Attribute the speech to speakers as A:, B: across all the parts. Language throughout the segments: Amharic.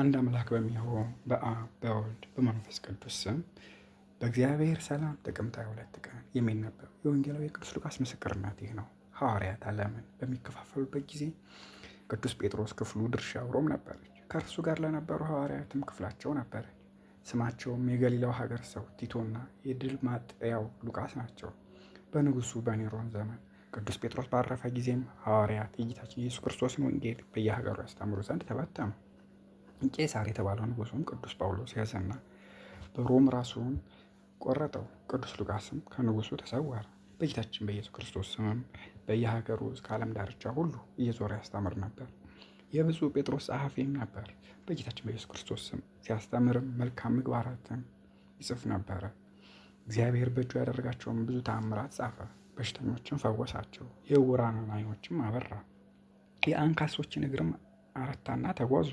A: አንድ አምላክ በሚሆን በአብ በወልድ በመንፈስ ቅዱስ ስም በእግዚአብሔር ሰላም ጥቅምት 22 ቀን የሚነበብ የወንጌላዊ ቅዱስ ሉቃስ ምስክርነት ይህ ነው። ሐዋርያት ዓለምን በሚከፋፈሉበት ጊዜ ቅዱስ ጴጥሮስ ክፍሉ ድርሻው ሮም ነበረች። ከእርሱ ጋር ለነበሩ ሐዋርያትም ክፍላቸው ነበረች። ስማቸውም የገሊላው ሀገር ሰው ቲቶና ማጥያው ሉቃስ ናቸው። በንጉሱ በኔሮን ዘመን ቅዱስ ጴጥሮስ ባረፈ ጊዜም ሐዋርያት የጌታችን ኢየሱስ ክርስቶስን ወንጌል በየሀገሩ ያስተምሩ ዘንድ ተበተኑ። ቄሳር የተባለው ንጉሱም ቅዱስ ጳውሎስ ያዘና በሮም ራሱን ቆረጠው። ቅዱስ ሉቃስም ከንጉሱ ተሰወረ። በጌታችን በኢየሱስ ክርስቶስ ስምም በየሀገሩ እስከ ዓለም ዳርቻ ሁሉ እየዞረ ያስተምር ነበር። የብፁዕ ጴጥሮስ ጸሐፊም ነበር። በጌታችን በኢየሱስ ክርስቶስ ስም ሲያስተምርም መልካም ምግባራትን ይጽፍ ነበረ። እግዚአብሔር በእጁ ያደረጋቸውን ብዙ ተአምራት ጻፈ። በሽተኞችን ፈወሳቸው፣ የዕውራንን ዓይኖችም አበራ፣ የአንካሶችን እግርም አበረታና ተጓዙ፣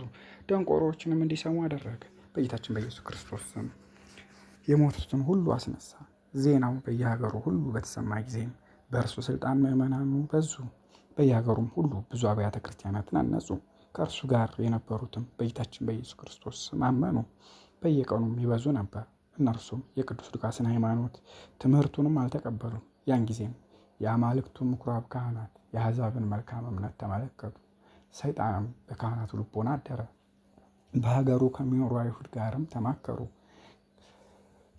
A: ደንቆሮዎችንም እንዲሰሙ አደረገ። በጌታችን በኢየሱስ ክርስቶስ ስም የሞቱትን ሁሉ አስነሳ። ዜናው በየሀገሩ ሁሉ በተሰማ ጊዜም በእርሱ ስልጣን ምዕመናኑ በዙ። በየሀገሩም ሁሉ ብዙ አብያተ ክርስቲያናትን አነጹ። ከእርሱ ጋር የነበሩትም በጌታችን በኢየሱስ ክርስቶስ ስም አመኑ። በየቀኑም ይበዙ ነበር። እነርሱም የቅዱስ ሉቃስን ሃይማኖት ትምህርቱንም አልተቀበሉም። ያን ጊዜም የአማልክቱ ምኩራብ ካህናት የአሕዛብን መልካም እምነት ተመለከቱ። ሰይጣንም በካህናቱ ልቦና አደረ። በሀገሩ ከሚኖሩ አይሁድ ጋርም ተማከሩ።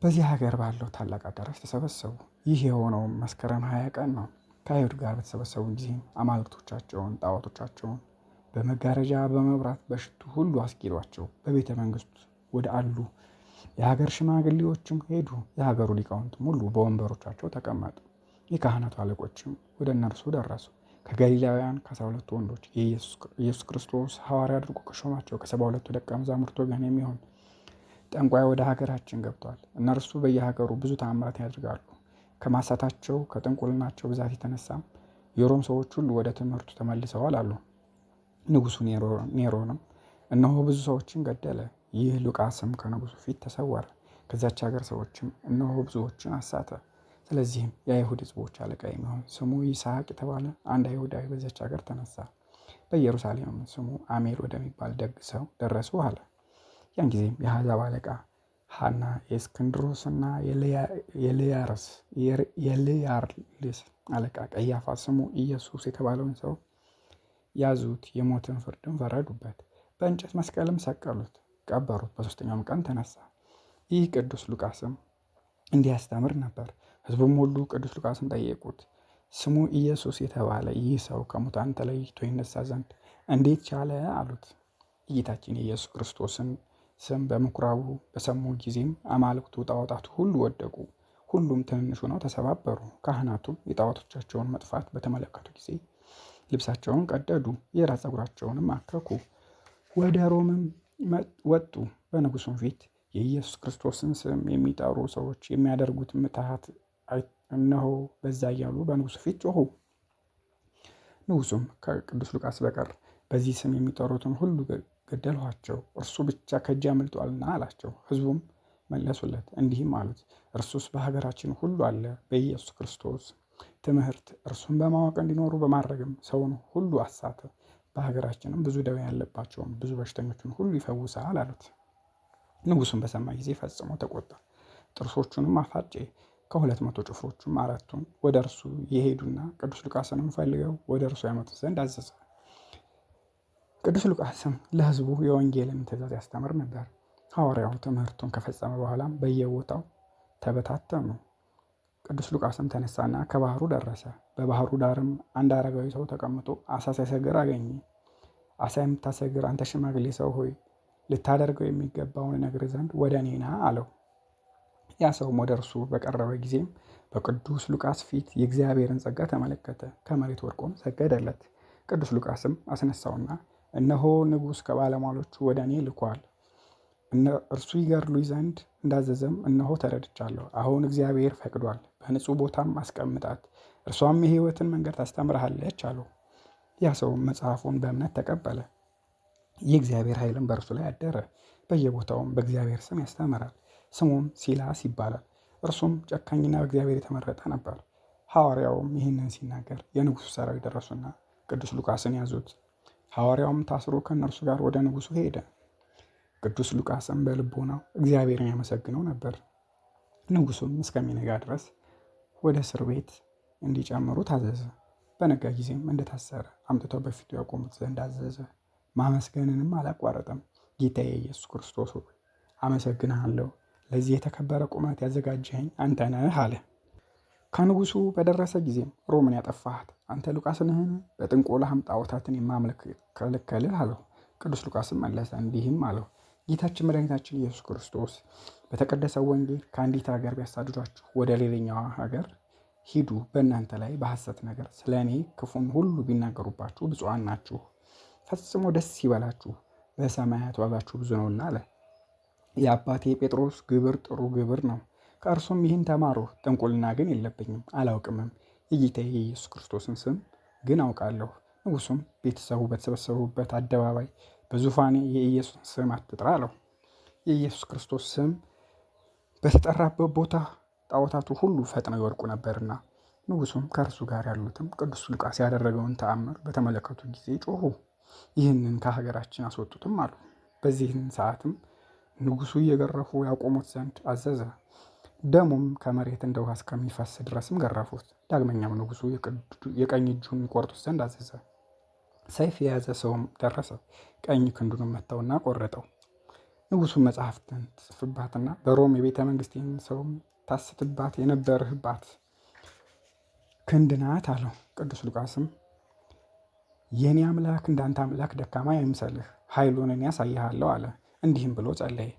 A: በዚህ ሀገር ባለው ታላቅ አዳራሽ ተሰበሰቡ። ይህ የሆነው መስከረም ሀያ ቀን ነው። ከአይሁድ ጋር በተሰበሰቡ ጊዜም አማልክቶቻቸውን፣ ጣዖቶቻቸውን በመጋረጃ በመብራት በሽቱ ሁሉ አስጌጧቸው። በቤተ መንግስት ወደ አሉ የሀገር ሽማግሌዎችም ሄዱ። የሀገሩ ሊቃውንትም ሁሉ በወንበሮቻቸው ተቀመጡ። የካህናቱ አለቆችም ወደ እነርሱ ደረሱ። ከገሊላውያን ከአስራ ሁለቱ ወንዶች የኢየሱስ ክርስቶስ ሐዋር አድርጎ ከሾማቸው ከሰባ ሁለቱ ደቀ መዛሙርት ወገን የሚሆን ጠንቋይ ወደ ሀገራችን ገብቷል። እነርሱ በየሀገሩ ብዙ ተአምራት ያደርጋሉ። ከማሳታቸው ከጥንቁልናቸው ብዛት የተነሳም የሮም ሰዎች ሁሉ ወደ ትምህርቱ ተመልሰዋል አሉ። ንጉሱ ኔሮንም እነሆ ብዙ ሰዎችን ገደለ። ይህ ሉቃስም ከንጉሱ ፊት ተሰወረ። ከዚያች ሀገር ሰዎችም እነሆ ብዙዎችን አሳተ። ስለዚህም የአይሁድ ህዝቦች አለቃ የሚሆን ስሙ ይስሐቅ የተባለ አንድ አይሁዳዊ በዚያች ሀገር ተነሳ። በኢየሩሳሌም ስሙ አሜር ወደሚባል ደግ ሰው ደረሱ አለ። ያን ጊዜም የአሕዛብ አለቃ ሐና የእስክንድሮስና የልያርልስ አለቃ ቀያፋ ስሙ ኢየሱስ የተባለውን ሰው ያዙት፣ የሞትን ፍርድን ፈረዱበት፣ በእንጨት መስቀልም ሰቀሉት፣ ቀበሩት። በሶስተኛውም ቀን ተነሳ። ይህ ቅዱስ ሉቃስም እንዲያስተምር ነበር። ሕዝቡም ሁሉ ቅዱስ ሉቃስን ጠየቁት፣ ስሙ ኢየሱስ የተባለ ይህ ሰው ከሙታን ተለይቶ ይነሳ ዘንድ እንዴት ቻለ አሉት። ጌታችን የኢየሱስ ክርስቶስን ስም በምኩራቡ በሰሙ ጊዜም አማልክቱ ጣዖታቱ ሁሉ ወደቁ። ሁሉም ትንንሽ ሆነው ተሰባበሩ። ካህናቱም የጣዖቶቻቸውን መጥፋት በተመለከቱ ጊዜ ልብሳቸውን ቀደዱ፣ የራስ ፀጉራቸውንም አከኩ። ወደ ሮምም ወጡ። በንጉሱም ፊት የኢየሱስ ክርስቶስን ስም የሚጠሩ ሰዎች የሚያደርጉት ምትሃት እነሆ በዛ እያሉ በንጉሱ ፊት ጮሁ ንጉሱም ከቅዱስ ሉቃስ በቀር በዚህ ስም የሚጠሩትን ሁሉ ገደልኋቸው፣ እርሱ ብቻ ከእጅ አምልጧልና አላቸው። ህዝቡም መለሱለት እንዲህም አሉት፣ እርሱስ በሀገራችን ሁሉ አለ። በኢየሱስ ክርስቶስ ትምህርት እርሱን በማወቅ እንዲኖሩ በማድረግም ሰውን ሁሉ አሳተ። በሀገራችንም ብዙ ደዌ ያለባቸውን ብዙ በሽተኞችን ሁሉ ይፈውሳል አሉት። ንጉሱም በሰማ ጊዜ ፈጽሞ ተቆጣ፣ ጥርሶቹንም አፋጬ፣ ከሁለት መቶ ጭፍሮቹም አራቱን ወደ እርሱ የሄዱና ቅዱስ ሉቃስንም ፈልገው ወደ እርሱ ያመጡ ዘንድ አዘዘ። ቅዱስ ሉቃስም ለሕዝቡ የወንጌልን ትእዛዝ ያስተምር ነበር። ሐዋርያው ትምህርቱን ከፈጸመ በኋላም በየቦታው ተበታተኑ። ቅዱስ ሉቃስም ተነሳና ከባህሩ ደረሰ። በባህሩ ዳርም አንድ አረጋዊ ሰው ተቀምጦ አሳ ሲያሰግር አገኘ። አሳ የምታሰግር አንተ ሽማግሌ ሰው ሆይ ልታደርገው የሚገባውን ነግር ዘንድ ወደ እኔና አለው። ያ ሰውም ወደ እርሱ በቀረበ ጊዜም በቅዱስ ሉቃስ ፊት የእግዚአብሔርን ጸጋ ተመለከተ፣ ከመሬት ወድቆም ሰገደለት። ቅዱስ ሉቃስም አስነሳውና እነሆ ንጉሥ ከባለሟሎቹ ወደ እኔ ልኳል፣ እርሱ ይገድሉኝ ዘንድ እንዳዘዘም እነሆ ተረድቻለሁ። አሁን እግዚአብሔር ፈቅዷል፣ በንጹህ ቦታም አስቀምጣት፣ እርሷም የሕይወትን መንገድ ታስተምርሃለች አለው። ያ ሰው መጽሐፉን በእምነት ተቀበለ። የእግዚአብሔር ኃይልም በእርሱ ላይ አደረ። በየቦታውም በእግዚአብሔር ስም ያስተምራል። ስሙም ሲላስ ይባላል። እርሱም ጨካኝና በእግዚአብሔር የተመረጠ ነበር። ሐዋርያውም ይህንን ሲናገር የንጉሱ ሰራዊት ደረሱና ቅዱስ ሉቃስን ያዙት። ሐዋርያውም ታስሮ ከእነርሱ ጋር ወደ ንጉሱ ሄደ። ቅዱስ ሉቃስም በልቦናው እግዚአብሔርን ያመሰግነው ነበር። ንጉሱም እስከሚነጋ ድረስ ወደ እስር ቤት እንዲጨምሩ ታዘዘ። በነጋ ጊዜም እንደታሰረ አምጥተው በፊቱ ያቆሙት ዘንድ አዘዘ። ማመስገንንም አላቋረጠም። ጌታዬ ኢየሱስ ክርስቶስ ሆይ አመሰግንሃለሁ ለዚህ የተከበረ ቁመት ያዘጋጀኸኝ አንተ ነህ አለ። ከንጉሱ በደረሰ ጊዜም ሮምን ያጠፋሃት አንተ ሉቃስ ነህን? በጥንቆላህም ጣዖታትን የማምለክ ከልከልህ አለው። ቅዱስ ሉቃስም መለሰ እንዲህም አለው ጌታችን መድኃኒታችን ኢየሱስ ክርስቶስ በተቀደሰው ወንጌል ከአንዲት ሀገር ቢያሳድዷችሁ ወደ ሌላኛዋ ሀገር ሂዱ። በእናንተ ላይ በሐሰት ነገር ስለ እኔ ክፉን ሁሉ ቢናገሩባችሁ ብፁዓን ናችሁ። ፈጽሞ ደስ ይበላችሁ፣ በሰማያት ዋጋችሁ ብዙ ነውና አለ። የአባቴ ጴጥሮስ ግብር ጥሩ ግብር ነው። ከእርሱም ይህን ተማሩ። ጥንቁልና ግን የለብኝም አላውቅምም። የጌታዬ የኢየሱስ ክርስቶስን ስም ግን አውቃለሁ። ንጉሱም ቤተሰቡ በተሰበሰቡበት አደባባይ በዙፋኔ የኢየሱስ ስም አትጥራ አለው። የኢየሱስ ክርስቶስ ስም በተጠራበት ቦታ ጣዖታቱ ሁሉ ፈጥነው ይወድቁ ነበርና፣ ንጉሱም ከእርሱ ጋር ያሉትም ቅዱስ ሉቃስ ያደረገውን ተአምር በተመለከቱ ጊዜ ጮሁ ይህንን ከሀገራችን አስወጡትም አሉ። በዚህን ሰዓትም ንጉሱ እየገረፉ ያቆሙት ዘንድ አዘዘ። ደሙም ከመሬት እንደ ውሃ እስከሚፈስ ድረስም ገረፉት። ዳግመኛም ንጉሱ የቀኝ እጁን ይቆርጡት ዘንድ አዘዘ። ሰይፍ የያዘ ሰውም ደረሰ። ቀኝ ክንዱንም መታውና ቆረጠው። ንጉሱ መጽሐፍትን ትጽፍባትና በሮም የቤተ መንግስቴን ሰውም ታስትባት የነበርህባት ክንድ ናት አለው። ቅዱስ ሉቃስም የእኔ አምላክ እንዳንተ አምላክ ደካማ አይምሰልህ፣ ኃይሉን እኔ ያሳይሃለሁ አለ። እንዲህም ብሎ ጸለየ።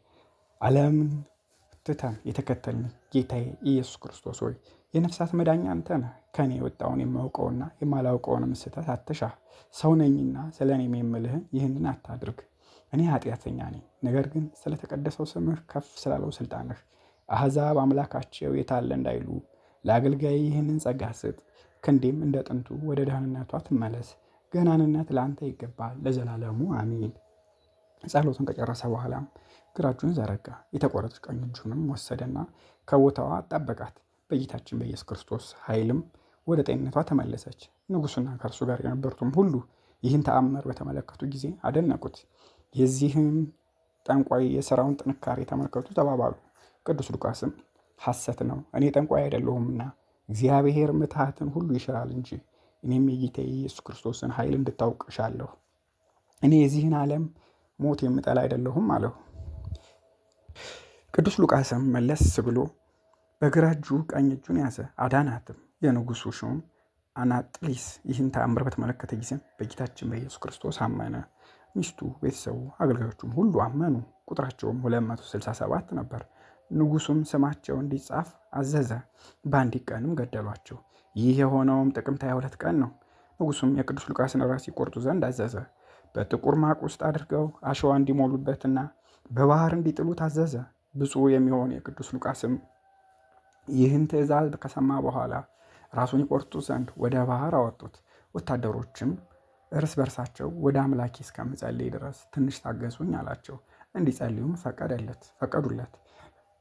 A: ዓለምን ትተን የተከተልን ጌታዬ ኢየሱስ ክርስቶስ ሆይ የነፍሳት መዳኛ አንተ ነህ። ከእኔ የወጣውን የማውቀውና የማላውቀውንም ስህተት አትሻ። ሰው ነኝና ስለ እኔም የምልህን ይህንን አታድርግ። እኔ ኃጢአተኛ ነኝ፣ ነገር ግን ስለተቀደሰው ስምህ ከፍ ስላለው ስልጣንህ አሕዛብ አምላካቸው የታለ እንዳይሉ ለአገልጋይ ይህንን ጸጋ ስጥ። ክንዴም እንደ ጥንቱ ወደ ደህንነቷ ትመለስ። ገናንነት ለአንተ ይገባል፣ ለዘላለሙ አሚን። ጸሎቱን ከጨረሰ በኋላም ግራ እጁን ዘረጋ፣ የተቆረጠች ቀኝ እጁንም ወሰደና ከቦታዋ ጠበቃት። በጌታችን በኢየሱስ ክርስቶስ ኃይልም ወደ ጤንነቷ ተመለሰች። ንጉሱና ከእርሱ ጋር የነበሩትም ሁሉ ይህን ተአምር በተመለከቱ ጊዜ አደነቁት። የዚህም ጠንቋይ የሥራውን ጥንካሬ ተመልከቱ ተባባሉ። ቅዱስ ሉቃስም ሐሰት ነው፣ እኔ ጠንቋይ አይደለሁምና እግዚአብሔር ምትሃትን ሁሉ ይሽራል እንጂ እኔም የጌታ የኢየሱስ ክርስቶስን ኃይል እንድታውቅ እሻለሁ። እኔ የዚህን ዓለም ሞት የምጠላ አይደለሁም አለው። ቅዱስ ሉቃስም መለስ ብሎ በግራ እጁ ቀኝ እጁን ያዘ አዳናትም። የንጉሱ ሹም አናጥሊስ ይህን ተአምር በተመለከተ ጊዜ በጌታችን በኢየሱስ ክርስቶስ አመነ። ሚስቱ፣ ቤተሰቡ፣ አገልጋዮቹም ሁሉ አመኑ። ቁጥራቸውም 267 ነበር። ንጉሱም ስማቸው እንዲጻፍ አዘዘ። በአንድ ቀንም ገደሏቸው። ይህ የሆነውም ጥቅምት 22 ቀን ነው። ንጉሱም የቅዱስ ሉቃስን ራስ ይቆርጡ ዘንድ አዘዘ። በጥቁር ማቅ ውስጥ አድርገው አሸዋ እንዲሞሉበትና በባህር እንዲጥሉ ታዘዘ። ብፁዕ የሚሆን የቅዱስ ሉቃስም ይህን ትእዛዝ ከሰማ በኋላ ራሱን ይቆርጡ ዘንድ ወደ ባህር አወጡት። ወታደሮችም እርስ በርሳቸው ወደ አምላኬ እስከምጸልይ ድረስ ትንሽ ታገሱኝ አላቸው። እንዲጸልዩም ፈቀደለት ፈቀዱለት።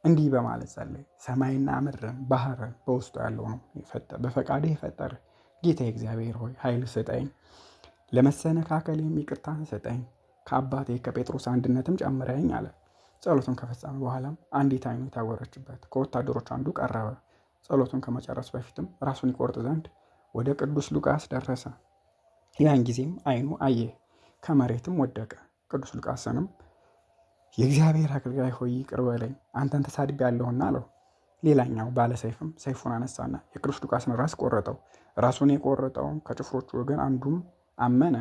A: እንዲህ በማለት ጸለይ። ሰማይና ምድርን ባህርን በውስጡ ያለው ነው በፈቃድህ የፈጠርህ ጌታ እግዚአብሔር ሆይ ኃይል ስጠኝ ለመሰነካከል ይቅርታን ሰጠኝ፣ ከአባቴ ከጴጥሮስ አንድነትም ጨምረኝ አለ። ጸሎቱን ከፈጸመ በኋላም አንዲት አይኑ የታወረችበት ከወታደሮች አንዱ ቀረበ። ጸሎቱን ከመጨረስ በፊትም ራሱን ይቆርጥ ዘንድ ወደ ቅዱስ ሉቃስ ደረሰ። ያን ጊዜም አይኑ አየ፣ ከመሬትም ወደቀ። ቅዱስ ሉቃስንም የእግዚአብሔር አገልጋይ ሆይ ይቅር በለኝ አንተን ያለሁና አለው። ሌላኛው ባለሰይፍም ሰይፉን አነሳና የቅዱስ ሉቃስን ራስ ቆረጠው። ራሱን የቆረጠውም ከጭፍሮቹ ወገን አንዱም አመነ፣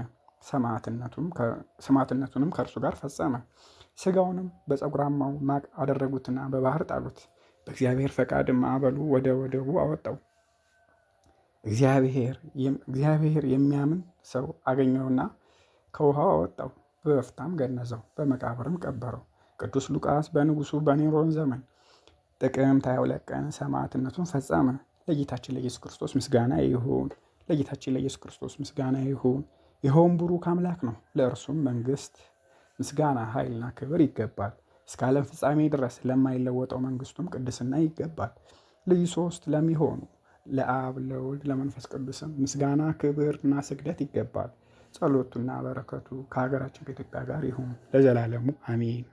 A: ሰማዕትነቱንም ከእርሱ ጋር ፈጸመ። ስጋውንም በፀጉራማው ማቅ አደረጉትና በባህር ጣሉት። በእግዚአብሔር ፈቃድ ማዕበሉ ወደ ወደቡ አወጣው። እግዚአብሔር የሚያምን ሰው አገኘውና ከውሃው አወጣው፣ በበፍታም ገነዘው፣ በመቃብርም ቀበረው። ቅዱስ ሉቃስ በንጉሱ በኔሮን ዘመን ጥቅምት 22 ቀን ሰማዕትነቱን ፈጸመ። ለጌታችን ለኢየሱስ ክርስቶስ ምስጋና ይሁን። ለጌታችን ለኢየሱስ ክርስቶስ ምስጋና ይሁን። ይኸውም ቡሩክ አምላክ ነው። ለእርሱም መንግስት፣ ምስጋና፣ ኃይልና ክብር ይገባል። እስከ ዓለም ፍጻሜ ድረስ ለማይለወጠው መንግስቱም ቅድስና ይገባል። ልዩ ሶስት ለሚሆኑ ለአብ ለወልድ ለመንፈስ ቅዱስም ምስጋና ክብርና ስግደት ይገባል። ጸሎቱና በረከቱ ከሀገራችን ከኢትዮጵያ ጋር ይሁን ለዘላለሙ አሜን።